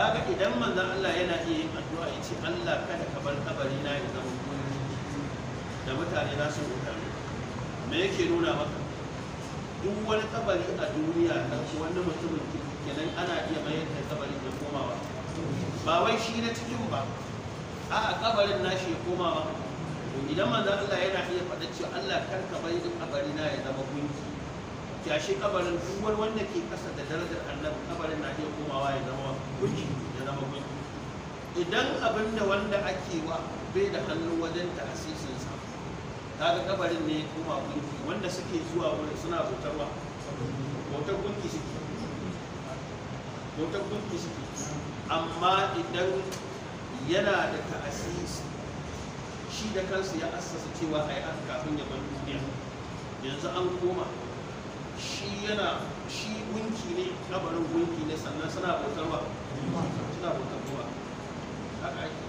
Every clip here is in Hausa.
kaga idan manzan Allah yana iya yin addu'a ya ce Allah kada ka bar kabari na ya zama gurin da mutane za su ne me yake nuna maka duk wani kabari a duniya ko wani mutumin kenan ana iya mayar da kabarin ya komawa ba wai shi na cikin ba a kabarin na shi ya komawa idan manzan Allah yana iya faɗa cewa Allah kar ka bar kabari na ya zama gunki yashi kabarin duk wanda ke kasa da darajar annabi kabarin na iya komawa ya zama gunki ya zama gunki idan abin da wanda ake wa bai da hannu wajen ta asisinsa kaga kabarin ne kuma kunki, wanda suke zuwa wurin suna bautarwa bautar kunki suke bautar kunki suke amma idan yana da ta'asisi shi da kansu ya assasa cewa a yi kafin ya bar duniya yanzu an koma shi yana shi gunki ne kabarin gunki ne sannan suna bautarwa suna bautarwa haka ake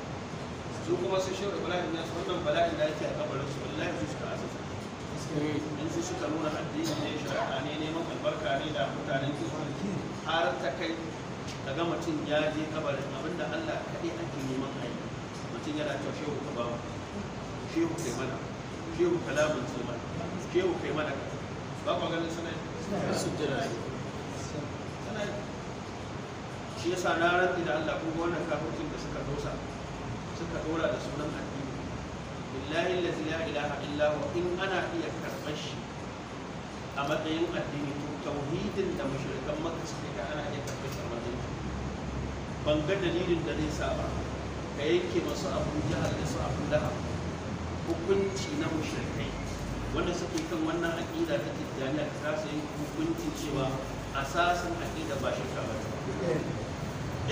su kuma su shi bala'in su wannan bala'in da ake a kabarin su wallahi su suka asasa in su suka nuna addini ne shari'a ne neman albarka ne da mutanen su har ta kai daga mutum ya je kabarin abinda Allah kaɗai ake neman ayi mutum yana cewa shehu ka ba shehu kai mana shehu kalamun ce mana shehu kai mana ba kwa ganin suna su jira suna shi yasa na rantsi da Allah kuma wannan kafircin da suka dosa suka dora da sunan addini billahi allazi la ilaha illa huwa in ana iya karɓar shi a matsayin addini to tauhidin da mushrikan maka suke ga ana iya karɓar shi a matsayin ban ga dalilin da zai sa ba ka yanke masu abu jihar da su abu lahab hukunci na mushrikai wanda suke kan wannan aƙida ta tijjaniya ta su yi hukunci cewa asasin aƙida ba shi ka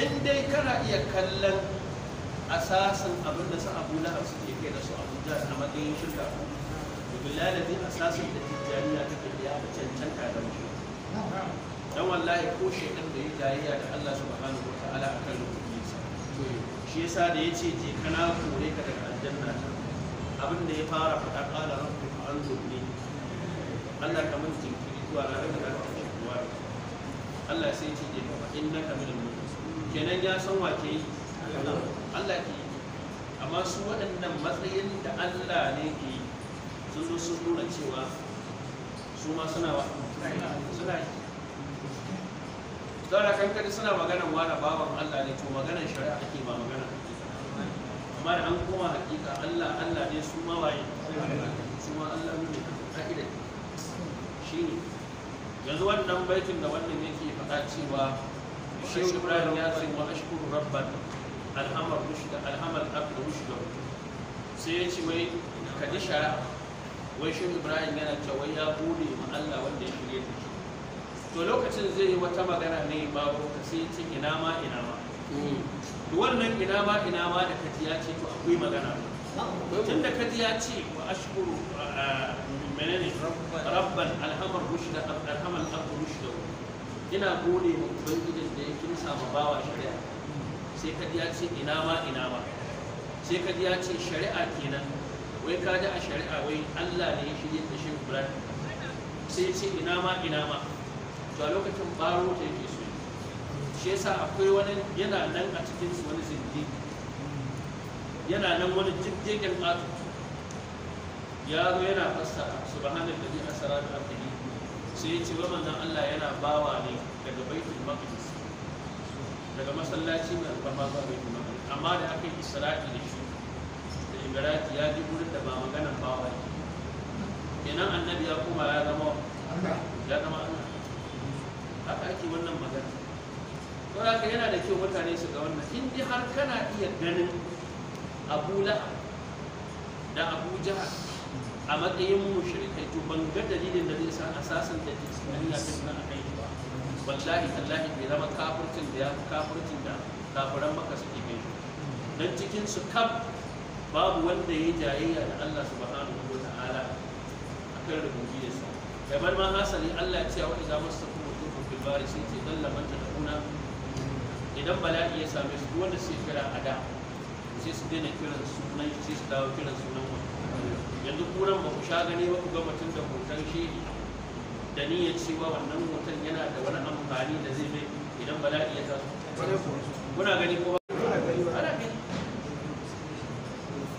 in dai kana iya kallon asasin abin da su abu lahar suke kai da su abu jihar a matsayin shirka bilalabi asasin da tijjaniya ta kai ya cancanta da mushi dan wallahi ko shekar da ya jayayya da Allah subhanahu wa ta'ala akan sa shi yasa da ya ce je kana kore ka daga aljanna ta abin da ya fara faɗa ƙala rabbi an zurni Allah ka mun jinkiri zuwa na rabbi na rabbi kuwa Allah sai ce je fa inna ka min kenan ya san wa ke Allah ke amma su waɗannan matsayin da Allah ne ke yi sun zo sun nuna cewa su ma suna wa suna yi don haka suna maganan wani babban Allah ne to maganan shari'a ake ba maganar. amma da an koma hakika Allah Allah ne su ma waye su ma Allah ne ka'ida shine yanzu wannan baitin da wannan yake faɗa cewa shehu Ibrahim ya ce wa ashkuru rabban alhamar rushda alhamar abd rushda sai ya ce wai ka di shara wai shehu Ibrahim yana wai ya bude ma Allah wanda ya shirye da to lokacin zai yi wata magana ne babu ka sai ce ina ma ina ma to eh, wannan ina ma ina ma da kaji ce to akwai magana tun da kaji ce wa ashkuru menene rabban alhamar da alhamar abu rushda ina gode wa ubangijin da ya kimsa ma bawa shari'a sai kaji ce ina ma ina ma sai kaji ce shari'a kenan wai ka kaji a shari'a wai Allah ne ya shirye da shi Ibrahim sai ce ina ma ina ma to a lokacin baro ta yake shi yasa akwai wani yana nan a cikin su wani zindi yana nan wani jirgin ƙato ya zo yana fassara subhanan da zai asara da abdihi sai ya ce wa manzon Allah yana bawa ne daga baitul maqdis daga masallaci mai alfama zuwa baitul maqdis amma da aka yi isra'i da shi da ibrahim ya ji wurin da ba maganan bawa ne kenan annabi ya kuma ya zama ya zama Allah haka ake wannan magana don haka yana da kyau mutane su ga wannan in dai har kana iya ganin abu da abu a matsayin mushrikai to ban ga dalilin da zai sa asasin da jismaniya ta nan a kai ba wallahi tallahi bai zama kafircin da ya kafircin da kafiran maka suke bin shi dan cikin su kaf babu wanda ya jayayya da Allah subhanahu wa ta'ala akan rububiyyarsa kamar ma hasali Allah ya ce wa idza masakum dhurru fil bari sai ce dalla man kuna idan bala'i ya same su wanda sai kira a da sai su daina kiran sunan sai su dawo kiran sunan wani yanzu kuran ba ku sha gani ba ku ga mutum da hoton shi da niyyar cewa wannan hoton yana da wani amfani da zai mai idan bala'i ya taso kuna gani ko ana gani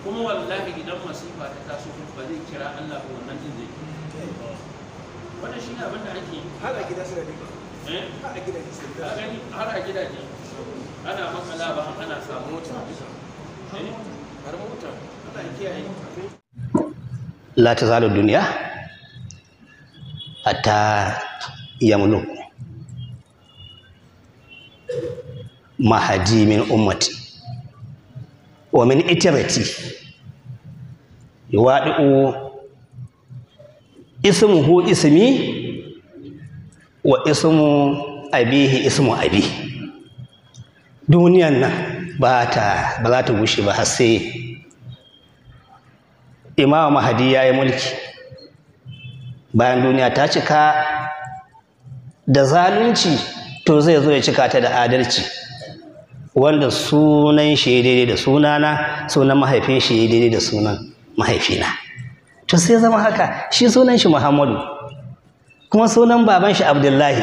kuma wallahi idan masifa ta taso ba zai kira Allah ba wannan din zai wannan shi ne abin da ake har a gida sai da eh? har a gidaje ana makala ba ana sa mota eh? har mota ana kiyaye dunya hatta yamlu mahadi min ummati wa min itirati yuwadi'u ismuhu ismi wa ismu abihi ismu abihi duniyan nan ba ta ba za ta gushe ba har sai imam mahadi ya yi mulki bayan duniya ta cika da zalunci to zai zo ya cika ta da adalci wanda sunan shi ya daidai da sunana sunan mahaifin shi ya daidai da sunan mahaifina to sai zama haka shi sunan shi muhammadu kuma sunan baban shi abdullahi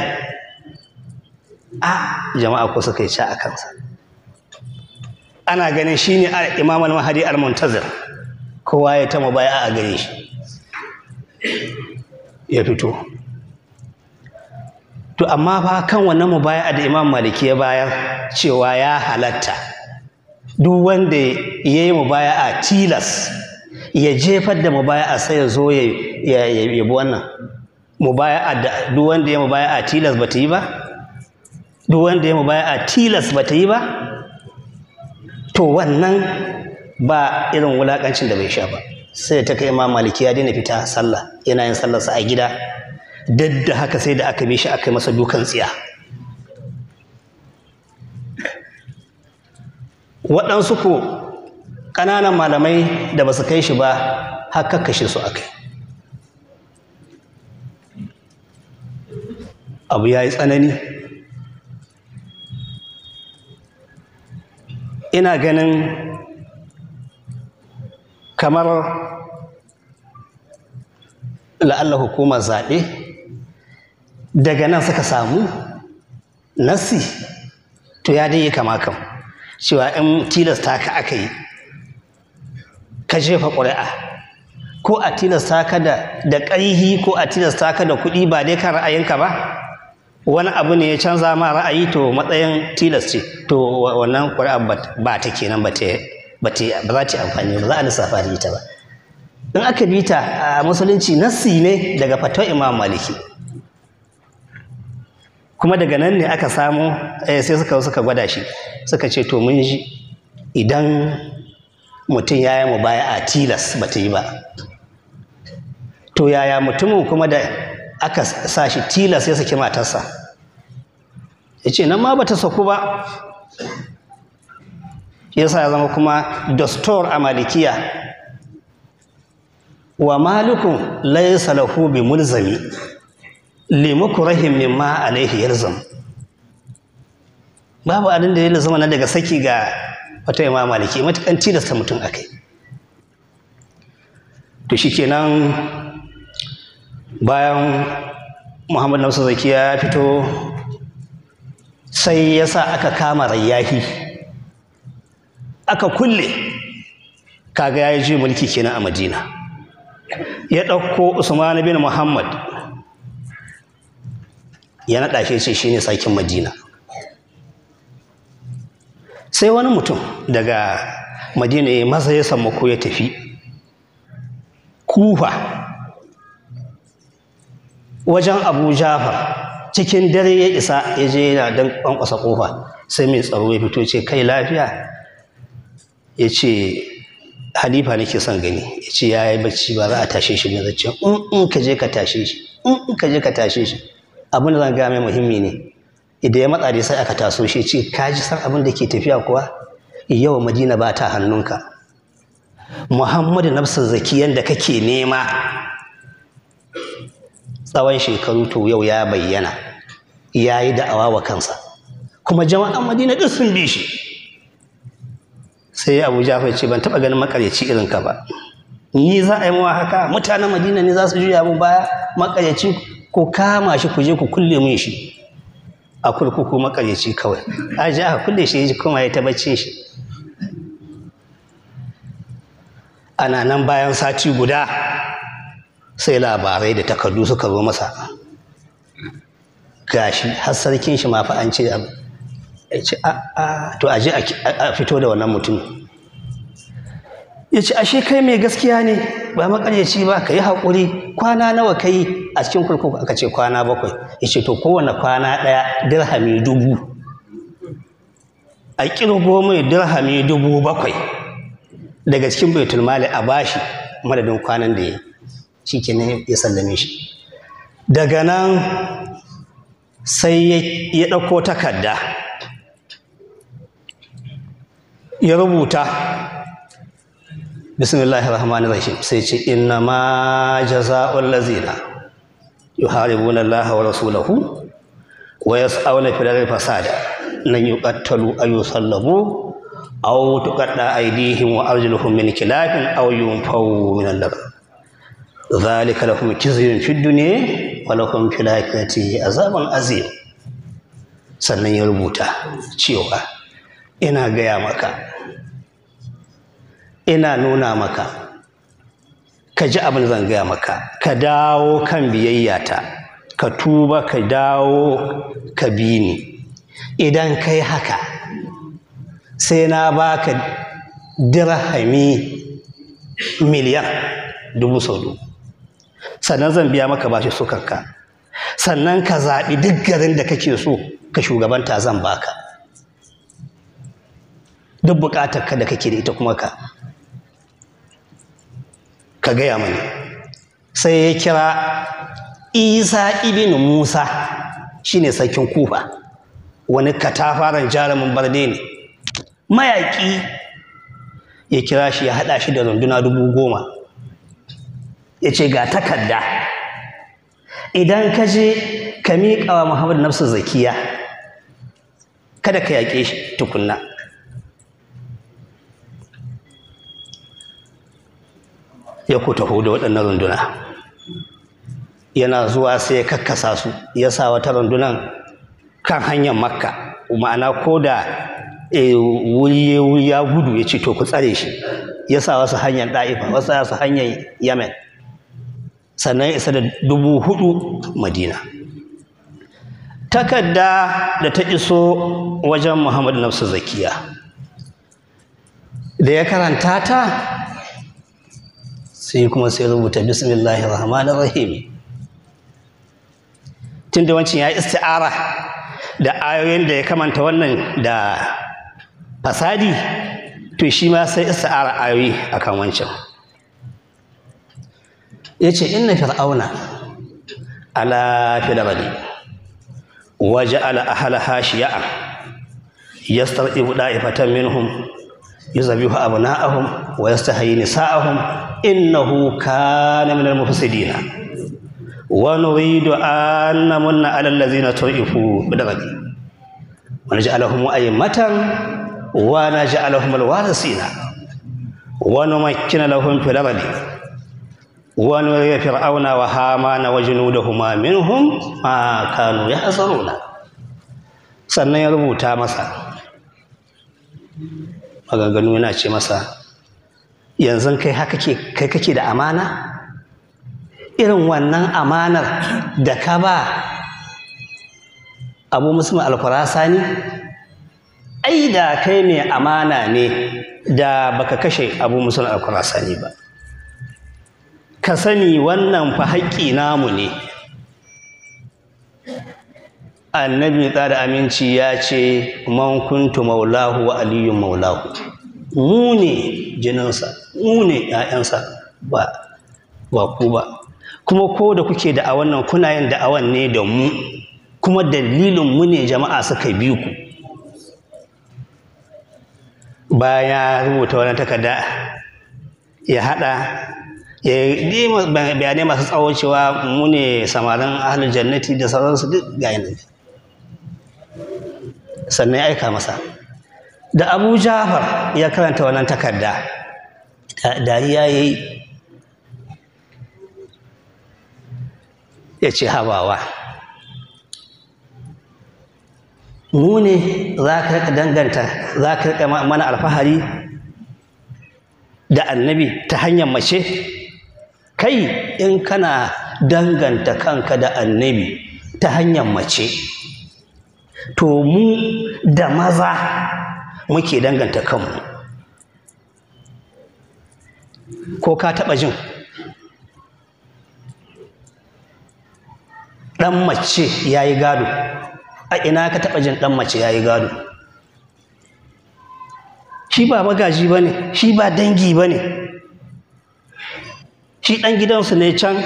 a jama'a ko suka yi ca a kansa ana ganin shi ne a al-mahadi al-muntazir kowa ya ta mabaya a gare shi ya fito to amma fa kan wannan mubaya da imam maliki ya bayar cewa ya halatta duk wanda ya yi mubaya a tilas ya jefar da mubaya a sai ya zo ya bi wannan mubaya da duk wanda ya yi mubaya a tilas ba ta yi ba duk wanda ya mu baya a tilas ba ta yi ba to wannan ba irin wulakancin da bai sha ba sai ta kai ma maliki ya daina fita sallah yana yin sallarsa a gida duk da haka sai da aka bi shi aka yi masa dukan tsiya waɗansu ko ƙananan malamai da ba su kai shi ba haka kashe su aka abu ya yi tsanani ina ganin kamar la'alla hukumar zaɓe daga nan suka samu nasi to ya dai yi kama cewa in tilasta ka aka yi ka jefa ƙuri'a ko a tilasta ka da ƙaihi ko a tilasta ka da kuɗi ba dai kan ra'ayinka ba wani abu ne ya canza ma ra'ayi to matsayin tilas ce to wannan ƙuri'a ba ta kenan ba ta ba za ta amfani ba za a lissafa da ita ba in aka bi ta a musulunci nassi ne daga fatwa imam maliki kuma daga nan ne aka samu eh, sai suka suka gwada shi suka ce to mun ji idan mutum ya yi mu baya a tilas ba ta yi ba to yaya mutumin kuma da aka sa shi tilas ya saki matarsa ya ce nan ma ba ta saku ba Ya sa ya zama kuma dastor a malikiya wa malikun laisa lahu bi mulzami ma mimma alaihi yalzam babu abin da ya lazama na daga saki ga wata yamma maliki matukan tilasta mutum akai to shikenan bayan muhammad nausa zakiya ya fito sai ya sa aka kama rayyafi aka kulle kaga ya ji mulki kenan a madina ya ɗauko usman bin muhammad ya naɗa shi ce shine sakin madina sai wani mutum daga madina ya masa ya samu ko ya tafi kufa wajen abu jafar cikin dare ya isa ya je yana don kwankwasa kofa sai mai tsaro ya fito ce kai lafiya ya ce halifa nake son gani ya ce ya yi bacci ba za a tashe shi ne zace in ka je ka tashe shi in ka je ka tashe shi abin da zan gaya mai muhimmi ne idan ya matsa sai aka taso shi ce ka ji san abin da ke tafiya kuwa yau madina ba ta hannunka muhammadu nafsar zakiyan da kake nema tsawon shekaru to yau ya bayyana ya yi da'awa wa kansa kuma jama'an madina duk sun bi shi sai abu jafar ce ban taɓa ganin makaryaci irin ka ba ni za a yi mawa haka mutanen madina ne za su juya mu baya makaryaci ko kama shi ku je ku kulle mun shi a kurkuku makaryaci kawai a ji aka kulle shi kuma ya tabbacin shi ana nan bayan sati guda sai labarai da takardu suka zo masa gashi har sarkin shi ma fa an ce to aje a fito da wannan mutum ya ce ashe kai mai gaskiya ne ba makaryaci ba ka yi haƙuri kwana nawa ka yi a cikin kurkuku aka ce kwana bakwai ya ce to kowane kwana ɗaya dirhami dubu a ƙirgo mai dirhami dubu bakwai daga cikin baitul a bashi madadin kwanan da ya yi shi kenan ya sallame shi daga nan sai ya ɗauko takarda ya rubuta bismillahir rahmanir rahim sai ce inna ma jaza'ul lazina yuharibuna allaha wa rasulahu wa yas'auna fil ardi fasada lan yuqattalu aw yusallabu aw tuqatta aydihim wa arjuluhum min khilafin aw yunfaw min al ذلك لهم خزي في الدنيا ولهم في الآخرة عذاب عظيم sannan ya rubuta cewa ina gaya maka ina nuna maka ka ji abin zan gaya maka ka dawo kan biyayyata ka tuba ka dawo ka bi ni idan kai haka sai na baka dirhami miliyan dubu sau dubu sannan zan biya maka bashi sukanka sannan ka zaɓi duk garin da kake so ka shugabanta zan baka duk buƙatar ka da kake da ita kuma ka ka gaya mani sai ya kira isa ibn musa shine sarkin kufa wani katafaren jarumin barde ne mayaƙi ya kira shi ya haɗa shi da runduna dubu goma ya ce ga takarda idan ka je ka miƙa wa muhammadu nafsu zakiya kada ka yaƙe shi tukunna ya ku taho da waɗannan runduna yana zuwa sai ya kakkasa su ya sa wata rundunan kan hanyar makka ma'ana ko da eh, wuri ya gudu ya ce to ku tsare shi ya sa wasu hanyar ɗa'ifa wasu hanyar yamen sannan isa da dubu hudu madina takarda da ta iso wajen muhammadu nafsu zakiya da ya karanta ta sai kuma sai rubuta bismillahi rahmanir rahim tunda wancan ya isti'ara da ayoyin da ya kamanta wannan da fasadi to shi ma sai isti'ara ayoyi akan wancan ya ce inna fir'auna ala fil ardi wa ja'ala ahlaha shi'a yastar'ibu da'ifatan minhum yuzabihu abna'ahum wa yastahyi nisa'ahum innahu kana min al-mufsidin wa nuridu an namunna ala allazina tu'ifu bil ardi wa naj'alahum a'immatan wa naj'alahum al-warithina ونمكن لهم في الأرض ونري فرعون وهامان وجنودهما منهم ما كانوا يحذرون sannan ya rubuta masa maganganu yana ce masa yanzu kai haka kai kake da amana irin wannan amanar da ka ba abu musulman alfarasani ai da kai mai amana ne da baka kashe abu musulman alfarasani ba ka sani wannan fa haƙƙi namu ne annabi tsada aminci ya ce man kuntu maulahu wa aliyun maulahu mu ne jininsa mu ne ‘ya'yansa ba ba ku ba kuma ko da kuke da wannan kuna yin da'awan ne da mu kuma dalilin mu ne jama'a suka bi ku baya rubuta wani takarda ya hada. Eh, ni bayanai masu tsawon cewa mu ne samarin ahalin jannati da sauransu duk ga sannan ya aika masa da abu jafar ya karanta wannan takarda dariya ya yi ya ce habawa Mune za ka danganta za ka mana alfahari da annabi ta hanyar mace kai in kana danganta kanka da annabi ta hanyar mace to mu da maza muke danganta kanmu ko ka taɓa jin ɗan mace ya yi gado a ina ka taɓa jin ɗan mace ya yi gado shi ba magaji ba ne shi ba dangi ba ne shi ɗan gidansu ne can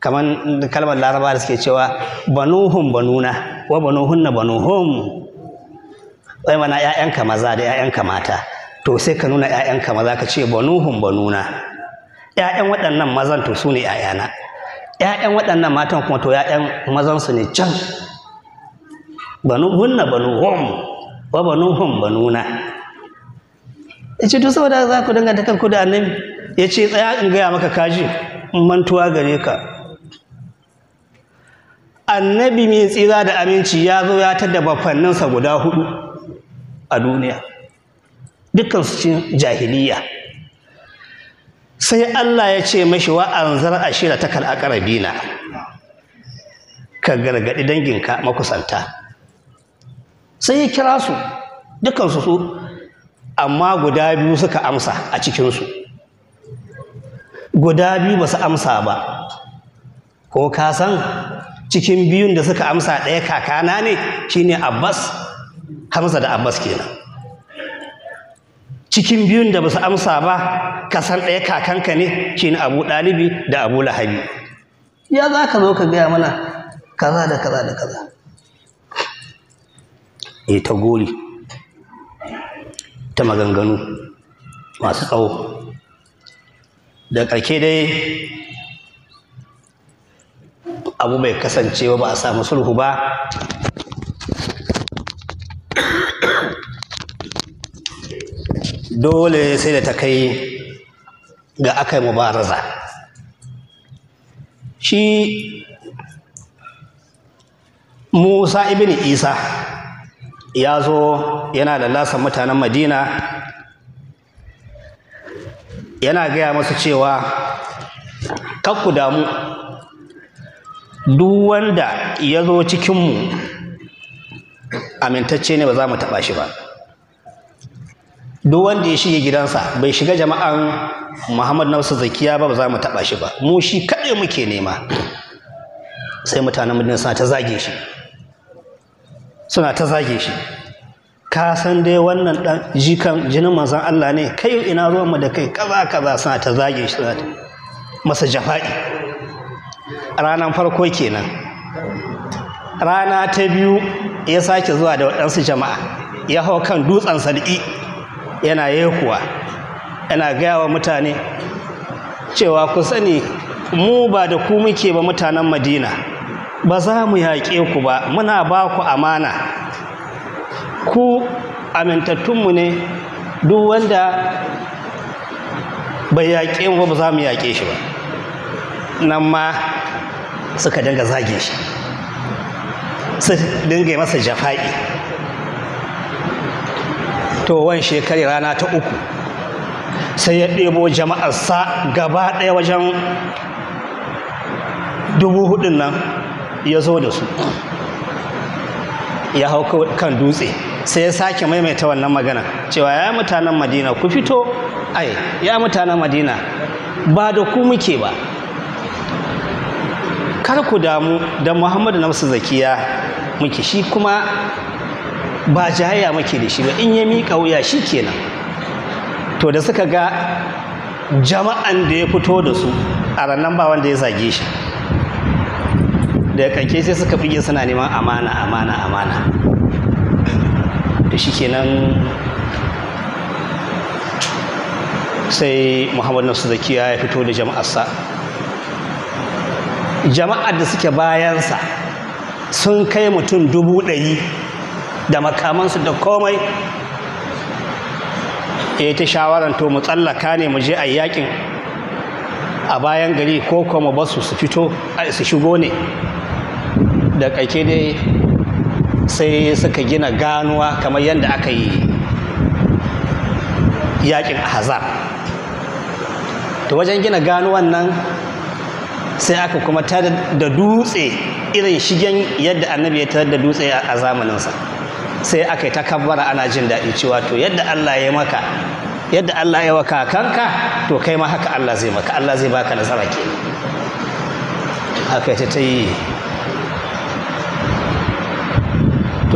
kamar kalmar laraba da suke cewa banuhun banuna wa na banuhum wai mana ‘ya'yanka maza da ‘ya'yanka mata to sai ka nuna ‘ya'yanka maza ka ce banuhun banuna ‘ya'yan waɗannan mazan to su ne ‘ya'yana ‘ya'yan waɗannan matan kuma to ‘ya'yan mazansu ne can na banuhum wa banuhum banuna ce to saboda za ku danganta kanku da annabi ya ce tsaya in gaya maka kaji in mantuwa gare ka annabi mai tsira da aminci ya zo ya tada bafanninsa guda hudu a duniya dukkan su cin jahiliya sai Allah ya ce mashi wa anzar ashira takal bina ka gargadi danginka makusanta sai ya kira su dukkan su amma guda biyu suka amsa a cikinsu guda biyu ba su amsa ba ko ka san cikin biyun da suka amsa ɗaya kakana ne shine abbas hamza da abbas kenan cikin biyun da ba su amsa ba ka san ɗaya kakanka ne shine abu ɗalibi da abu lahabi ya za ka zo ka gaya mana kaza da kaza da kaza e ta gori ta maganganu masu tsawo da ƙarke dai abu mai kasancewa ba a samu sulhu ba dole sai da ta kai ga aka yi mubaraza shi musa ibn isa ya zo yana da lasa mutanen madina yana gaya masu cewa kakku damu duk wanda ya zo cikinmu amintacce ne ba za mu taɓa shi ba duk wanda ya shige gidansa bai shiga jama'an muhammad nafsu zakiya ba ba za mu taɓa shi ba mu shi kaɗai muke nema sai mutanen madina suna ta zage shi suna ta zage shi ka san dai wannan ɗan jikan jinin manzon Allah ne kai ina ruwan mu da kai kaza kaza suna ta zage shi suna masa jafa'i ranar farko kenan rana ta biyu ya sake zuwa da waɗansu jama'a ya hau kan dutsen sarki. yana yekuwa yana gaya wa mutane cewa ku sani mu ba da ku muke ba mutanen madina ba za mu yaƙe ku ba muna ba ku amana ku amintattunmu ne duk wanda bai yaƙe ba za mu yaƙe shi ba nan ma suka dinga zage shi su dinga yi masa jafa'i to wan shekari rana ta uku sai ya ɗebo jama'arsa gaba ɗaya wajen dubu hudun nan ya zo da su ya hau kan dutse sai ya sake maimaita wannan magana cewa ya mutanen madina ku fito ai ya mutanen madina ba da ku muke ba kar ku damu da muhammadu namsu zakiya muke shi kuma ba jayayya muke da shi ba in ya miƙa wuya shi kenan to da suka ga jama'an da ya fito da su a ranar ba wanda ya zage shi da kanke sai suka fige suna neman amana amana amana to shikenan sai muhammad nasu zakiya ya fito da jama'arsa jama'ar da suke bayansa sun kai mutum dubu ɗari da makamansu da komai ya ta shawarar to mu tsallaka ne mu je a yakin a bayan gari ko kuma basu su fito a su shigo ne da ƙarshe dai sai suka gina ganuwa kamar yadda aka yi yakin ahzab to wajen gina ganuwan nan sai aka kuma tada da dutse irin shigen yadda annabi ya tada da dutse a zamaninsa sai aka yi ta kabbara ana jin daɗi cewa to yadda Allah ya maka yadda Allah ya waka kanka, to kai ma haka Allah zai maka Allah zai baka nasara ke Aka ta ta yi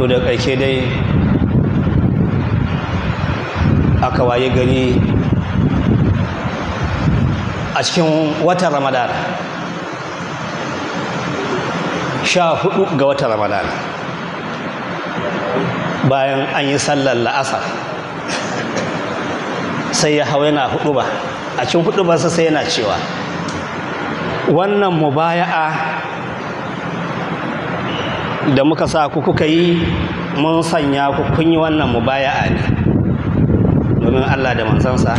to da ƙarshe dai aka waye gari a cikin watan Ramadana. sha hudu ga watan Ramadana. bayan an yi sallar la'asar sai ya hau yana hudu ba a cikin hudu ba sai yana cewa wannan mubaya'a da muka sa ku kuka yi mun sanya ku kun yi wannan mubaya'a ne domin Allah da manzansa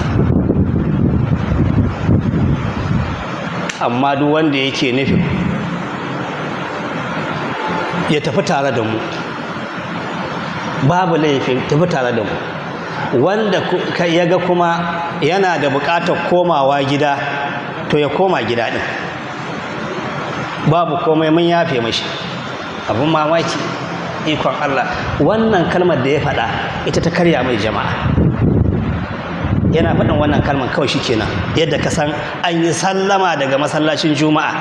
amma duk wanda yake nufi ya tafi tare da mu babu laifin tafi tare da mu wanda ya ga kuma yana da buƙatar komawa gida to ya koma gida ɗin babu komai mun yafe mashi abin mamaki ikon Allah wannan kalmar da ya faɗa ita ta karya mai jama'a yana faɗin wannan kalmar kawai shi kenan yadda ka san an yi sallama daga masallacin juma'a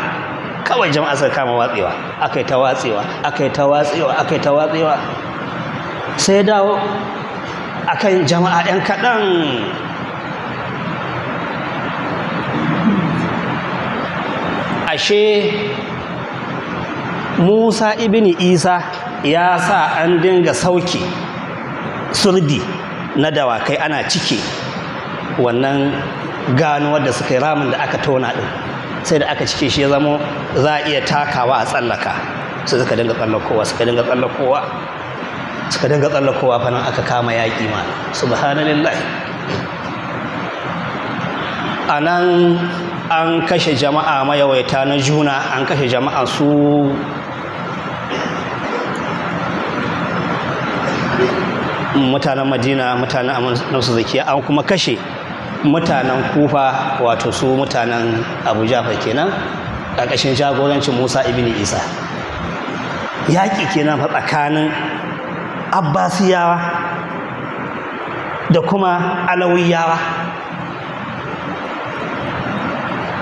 kawai jama'a suka kama watsewa akai ta watsewa akai ta watsewa akai ta watsewa sai dawo akan jama'a 'yan kaɗan ashe musa ibn isa ya sa an dinga sauki surdi na dawakai ana cike wannan gano wadda suka yi ramin da aka tona ɗin sai da aka cike shi ya zamo za a iya takawa a tsallaka sai suka dinga tsallakowa suka dinga tsallakowa suka dinga tsallakowa fa nan aka kama yaƙi ma subhanallah a nan an kashe jama'a mayawaita na juna an kashe jama'a su mutanen madina mutanen amsu zakiya an kuma kashe mutanen kufa wato su mutanen abu jafa kenan ƙarƙashin jagorancin musa ibn isa yaƙi kenan fa tsakanin abbasiyawa da kuma alawiyawa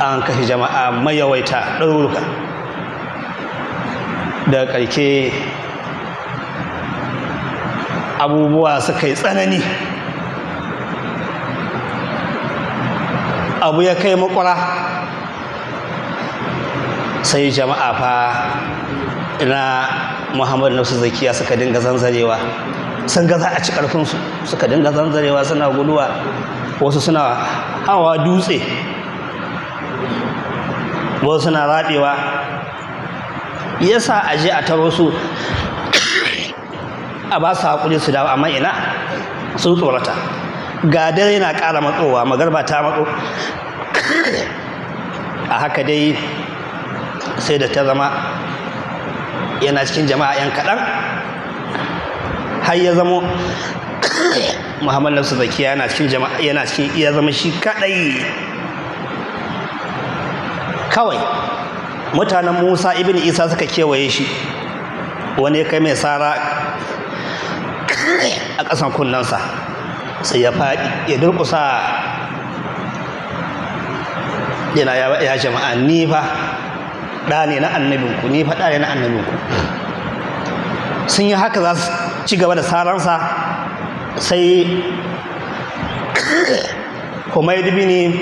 an kashe jama'a mayawaita ɗaruruka da ƙarke abubuwa suka yi tsanani abu ya kai makwara sai jama'a fa na muhammadu nafsu zakiya suka dinga zanzarewa sun ga za a ci ƙarfinsu suka dinga zanzarewa suna guduwa wasu suna hawa dutse wasu suna raɓewa yasa aje a taro su a ba su haƙuri su dawo amma ina sun tsorata ga dare yana ƙara matsowa magarba ta matso a haka dai sai da ta zama yana cikin jama'a 'yan kaɗan har ya zamo muhammad nafsu zakiya yana cikin jama'a yana cikin iya zama shi kaɗai kawai mutanen musa ibn isa suka kewaye shi wani ya kai mai sara a ƙasan kullansa sai ya faɗi ya durƙusa yana ya jama'a ni fa ɗa ne na annabinku ni fa ɗane na annabinku sun yi haka za su ci gaba da saransa sai dubi ne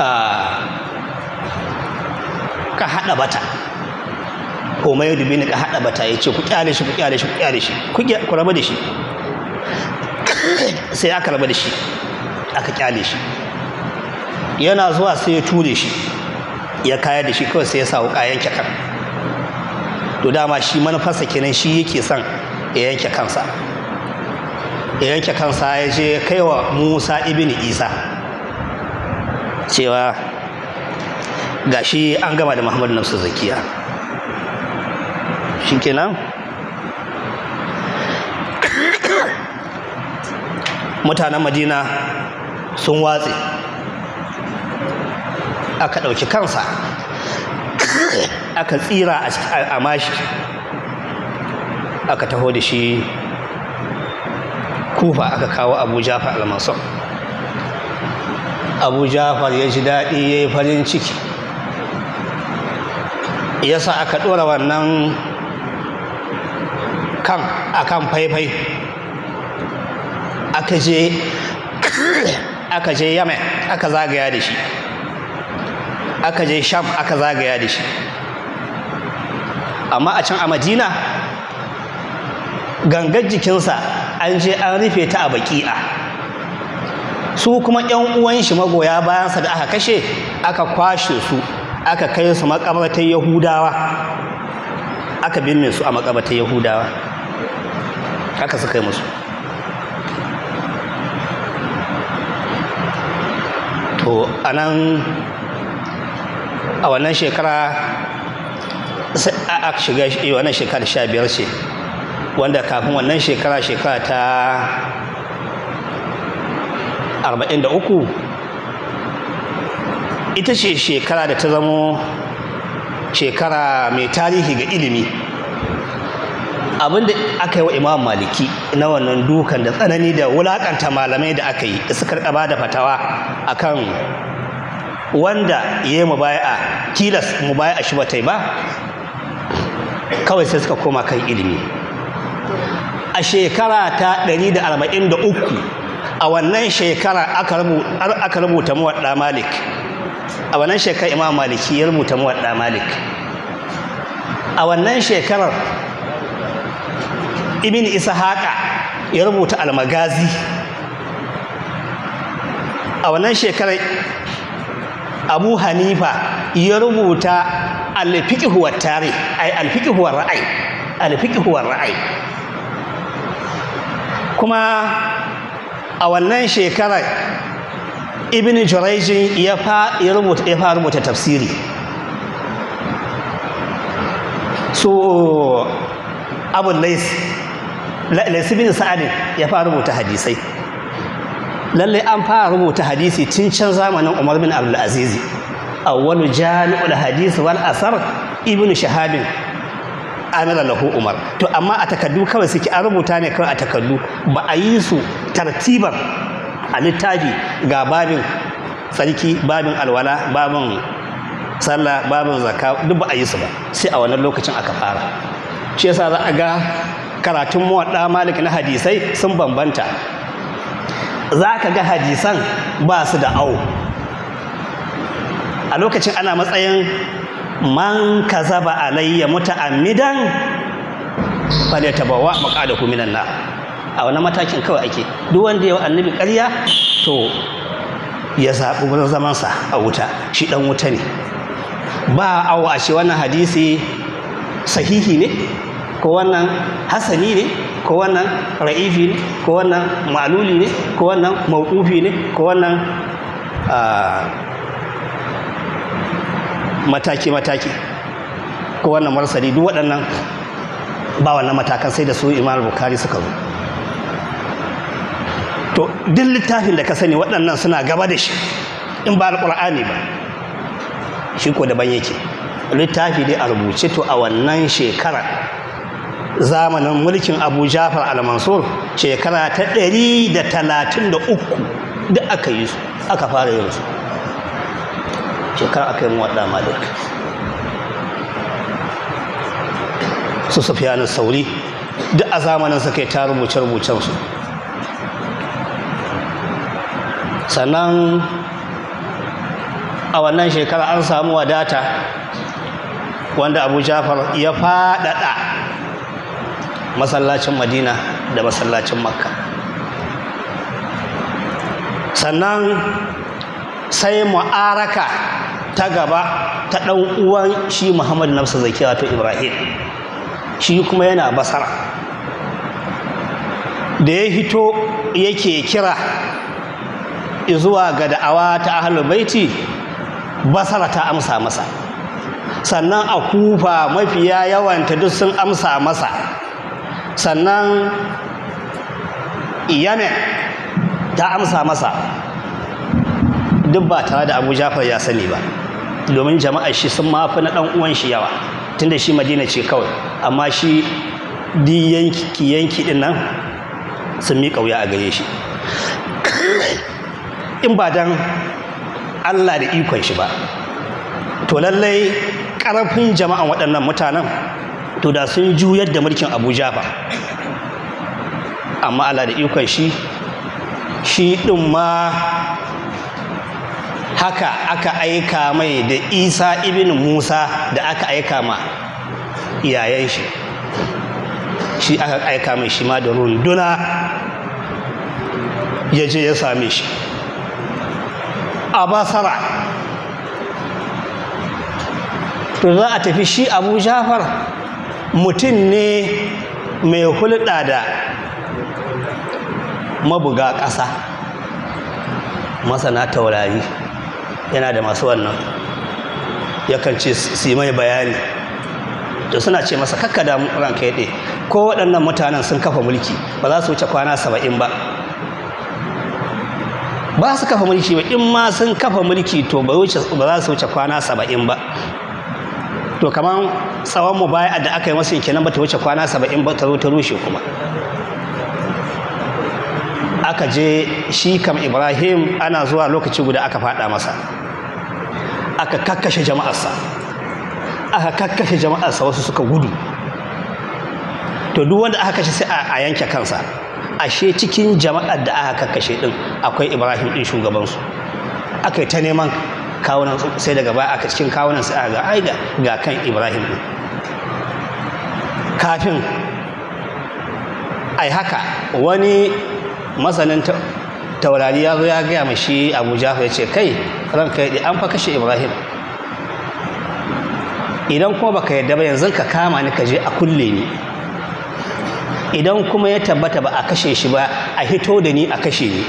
ah, ka haɗa bata komai da bin ka hada bata ya ce ku kyale shi ku kyale shi ku kyale shi ku ku raba da shi sai aka raba da shi aka kyale shi yana zuwa sai ya ture shi ya kaya da shi kawai sai ya sa wuka yanke kan to dama shi manufarsa kenan shi yake son ya yanke kansa ya yanke kansa ya je kai wa musa ibn isa cewa gashi an gama da muhammadu nafsu zakiya nan? mutanen madina sun watse aka ɗauki kansa aka tsira a mashi aka taho da shi kufa aka kawo abu jafar almasau abu jafar ya ji daɗi ya yi farin ciki yasa aka ɗora wannan akan akan faifai aka je aka je yame aka zagaya da shi aka je sham aka zagaya da shi amma a can a madina gangar jikinsa an je an rufe ta a baki'a su kuma yan uwan shi magoya bayansa da aka kashe aka kwashe su aka kai su makabartar yahudawa aka binne su a makabartar yahudawa haka suka yi musu to a nan a wannan shekara sai a shiga eh, wannan shekara sha biyar ce wanda kafin wannan shekara shekara ta arba'in da uku ita ce shekara da ta zamo shekara mai tarihi ga ilimi Abin da aka yi wa imam maliki na wannan dukan da tsanani da wulakanta malamai da aka yi da suka ba da fatawa akan wanda ya yi mu a tilas mu baya a shi ba kawai sai suka koma kan ilimi a shekara ta 143 a wannan shekara aka rubuta muwadda malik a wannan shekara imam maliki ya rubuta muwadda malik a wannan shekarar ibn ishaqa ya rubuta almagazi a wannan shekarar abu hanifa ya rubuta alfiƙihuwar tare ai alfiƙihuwar ra'ai wa ra'ai kuma a wannan shekarar ibn jurajin ya fa ya rubuta ya fa rubuta tafsiri so abu lais laisu bin sa'ad ya fara rubuta hadisai lallai an fara rubuta hadisi tun can zamanin umar bin abdul aziz awwalu jami'ul hadisi wal asar ibnu shahabin amira lahu umar to amma a takardu kawai suke an rubuta ne kawai a takardu ba a yi su tartibar a littafi ga babin tsarki babin alwala babin sallah babin zakka duk ba a yi su ba sai a wannan lokacin aka fara shi yasa za a ga karatun muwadda malik na hadisai sun bambanta za ka ga hadisan ba su da au. a lokacin ana matsayin man ka zaba alayya muta'ammidan falyatabawwa ku minan na. a wani matakin kawai ake duk wanda ya annabi ƙarya to ya zaɓi wurin zamansa a wuta shi ɗan wuta ne ba awo a ce wannan hadisi sahihi ne ko wannan hasani ne ko wannan ra'ifi ne ko wannan ma'luli ne ko wannan mawqufi ne ko wannan mataki-mataki ko wannan marsali duk waɗannan ba wannan matakan sai da su imam bukari suka zo to duk littafin da ka sani waɗannan suna gaba da shi in ba alƙur'ani ba shi ko daban yake littafi dai a rubuce to a wannan shekarar zamanin mulkin abu jafar al-mansur shekara ta ɗari da talatin da aka yi su aka fara yin su shekara aka yi muwaɗa malik su sufiyanin sauri duk a zamanin sa kai ta rubuce-rubucen su sannan a wannan shekara an samu wadata wanda abu jafar ya faɗaɗa masallacin madina da masallacin makka sannan sai mu'araka ta gaba ta ɗan uwan shi muhammad nafsa zaki wato ibrahim shi kuma yana basara da ya hito yake kira zuwa ga da'awa ta ahlul baiti basara ta amsa masa sannan a kufa mafiya yawanta duk sun amsa masa sannan yamen ta amsa masa duk ba tare da abu jafar ya sani ba domin jama'ar shi sun mafi na ɗan uwan shi yawa tunda shi madina ce kawai amma shi di yanki yanki din nan sun miƙa wuya a gare shi in ba dan allah da ikon shi ba to lallai ƙarfin jama'an waɗannan mutanen to da sun juyar da mulkin abuja ba amma ala da ikon shi shi ɗin ma haka aka aika mai da isa ibn musa da aka aika ma iyayen shi shi aka aika mai shi ma da runduna ya je ya same shi a basara to za a tafi shi abu jafar mutum ne mai hulɗa da mabuga ƙasa masana taurari yana da masu wannan yakan ce su mai bayani to suna ce masa kakka da ranka yaɗe ko waɗannan mutanen sun kafa mulki ba za su wuce kwana saba'in ba ba su kafa mulki ba in ma sun kafa mulki to ba za su wuce kwana saba'in ba to kamar tsawon mu baya da aka yi masu kenan ba ta wuce kwana saba'in ba ta zo ta rushe kuma aka je shi kam ibrahim ana zuwa lokaci guda aka fada masa aka kakkashe jama'arsa aka kakkashe jama'arsa wasu suka gudu to duk wanda aka kashe sai a yanke kansa ashe cikin jama'ar da aka kakkashe din akwai ibrahim din shugabansu aka yi ta neman kawunan sai daga baya a cikin kawunan sai aka ga ai ga kan ibrahim din kafin ai haka wani masanin taurari ya zo ya gaya ma shi abu ya ce kai ranka ya an fa kashe ibrahim idan kuma baka yadda ba yanzu ka kama ni ka je a kulle ni idan kuma ya tabbata ba a kashe shi ba a hito da ni a kashe ni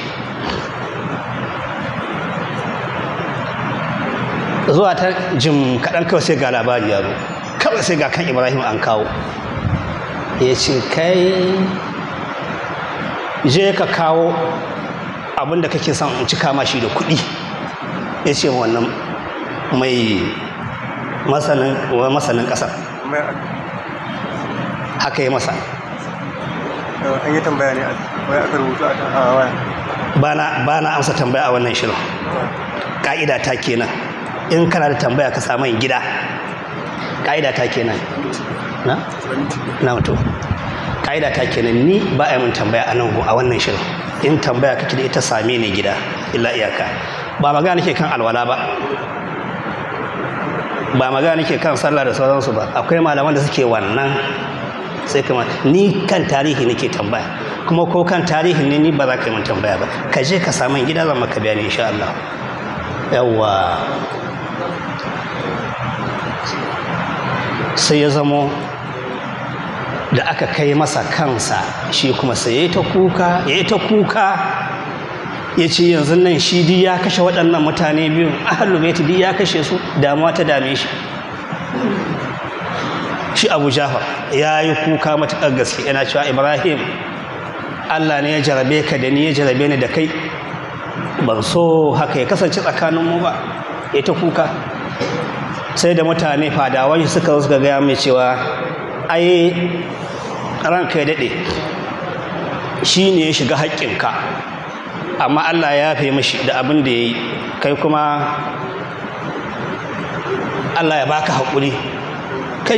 zuwa ta jim kaɗan kawai sai ga labari ya zo kawai sai ga kan ibrahim an kawo ya ce kai je ka kawo abin da kake son in cika mashi da kuɗi ya ce wannan mai masanin ƙasar haka yi masa an yi tambaya ne a aka rubutu a waya ba na amsa tambaya a wannan shirin ƙa'ida ta kenan in kana da tambaya ka samu gida ƙa'ida ta kenan na na mutu. ƙa'ida ta kenan ni ba a yi mun tambaya a nan a wannan shirin in tambaya kake da ita same ni gida illa iyaka ba magana nake kan alwala ba ba magana nake kan sallah da sauransu ba akwai malaman da suke wannan sai kuma ni kan tarihi nake tambaya kuma ko kan tarihi ne ni ba za ka yi mun tambaya ba ka je ka samu gida zan maka bayani insha Allah yawwa sai ya zamo da aka kai masa kansa shi kuma sai ya yi ta kuka ya yi ta kuka ya ce yanzu nan shi di ya kashe waɗannan mutane biyu biyun ahalumeti di ya kashe su damuwa ta dame shi shi abu jafar ya yi kuka matuƙar gaske yana cewa ibrahim allah ne ya jarabe ka da ni ya jarabe ni da kai ban so haka ya kasance tsakanin mu ba ya ta kuka sai da mutane fadawan suka suka suka gaya mai cewa ai ranka ya daɗe shi ne ya shiga haƙƙinka amma Allah ya fi mashi da abin da ya yi kai kuma Allah ya baka haƙuri kai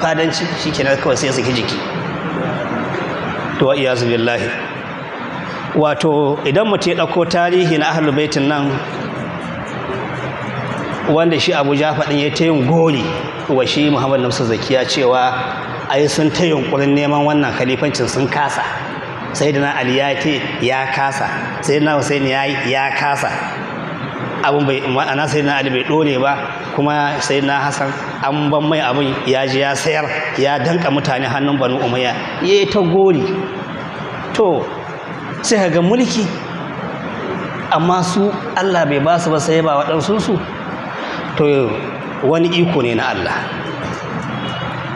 fadanci shi kenan kawai sai suke jiki to wa billahi wato idan mutu ya ɗauko tarihi na ahalubaitin nan wanda shi abu jafa ɗin ya ta yin gori wa shi muhammad nafsa zakiya cewa ai sun ta yunkurin neman wannan khalifancin sun kasa sai da na ali ya ce ya kasa sai da na ya yi ya kasa abin bai ma'ana sai na ali bai ba kuma sai na Hassan an ban mai abin ya ji ya sayar ya danka mutane hannun banu umayya ya yi ta gori to sai ga mulki amma su allah bai ba su ba sai ba waɗansu su to wani iko ne na Allah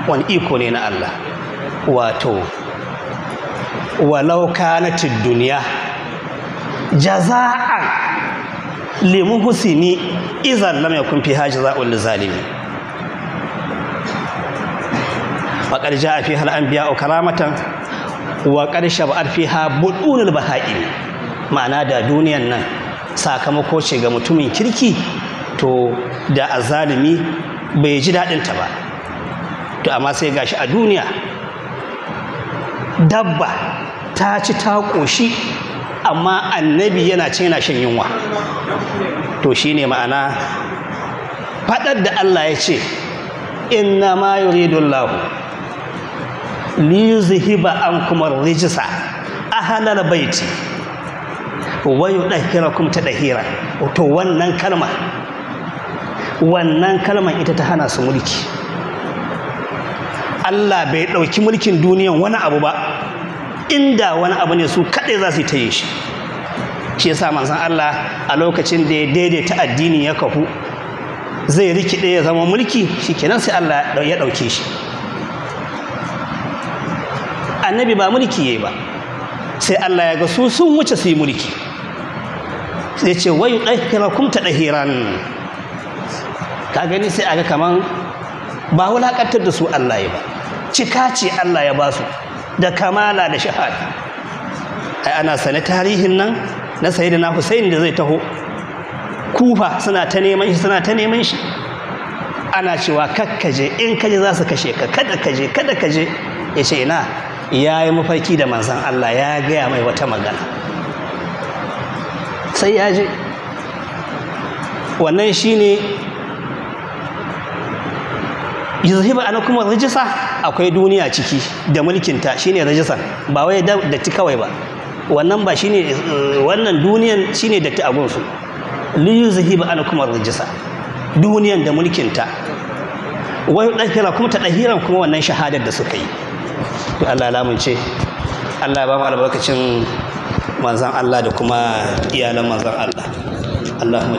wani iko ne na Allah wato walau kanatid duniya jaza'an limu husini izan lam yakun fi za'ul zalimi wa qad ja'a hal anbiya wa karamatan wa qad shab'at fiha budunul ma'ana da duniyan nan sakamako ce ga mutumin kirki to da azalimi bai ji daɗinta ba to amma sai gashi a duniya dabba ta ci ta ƙoshi amma annabi yana ce yana shan yunwa to shine ma'ana faɗar da Allah ya ce inna ma yuridullahu liyuzhiba ankum ar-rijsa ahlal baiti wa yudahhirakum tadhira to wannan kalma wannan kalmar ita ta hana su mulki Allah bai ɗauki mulkin duniyan wani abu ba inda wani abu ne su kaɗai za su ta yi shi shi yasa manzon Allah a lokacin da ya daidaita addini ya kafu zai rikide ya zama mulki shikenan sai Allah ya ɗauke shi annabi ba mulki yayi ba sai Allah ya ga su sun wuce su yi mulki sai ce wayu ɗahirakum ta ɗahiran ka gani sai a ga kaman ba wulakantar da su Allah ya ba cika ce Allah ya ba su da kamala da shahada ai ana sane tarihin nan na sayyidina Hussein da zai taho kufa suna ta neman shi suna ta neman shi ana cewa kakkaje in kaje za su kashe ka kada kaje kada kaje ya ce ina ya yi mafarki da manzan Allah ya gaya mai wata magana sai ya je wannan shi ne yuzhiba kuma rajisa akwai duniya ciki da mulkin ta shine rijisan ba wai da datti kawai ba wannan ba shine wannan duniyan shine datti a gunsu li yuzhiba ana kuma rajisa duniyan da mulkin ta wai dahira kuma ta dahiran kuma wannan shahadar da suka yi to Allah ce Allah ya ba mu albarkacin manzon Allah da kuma iyalan manzon Allah Allahumma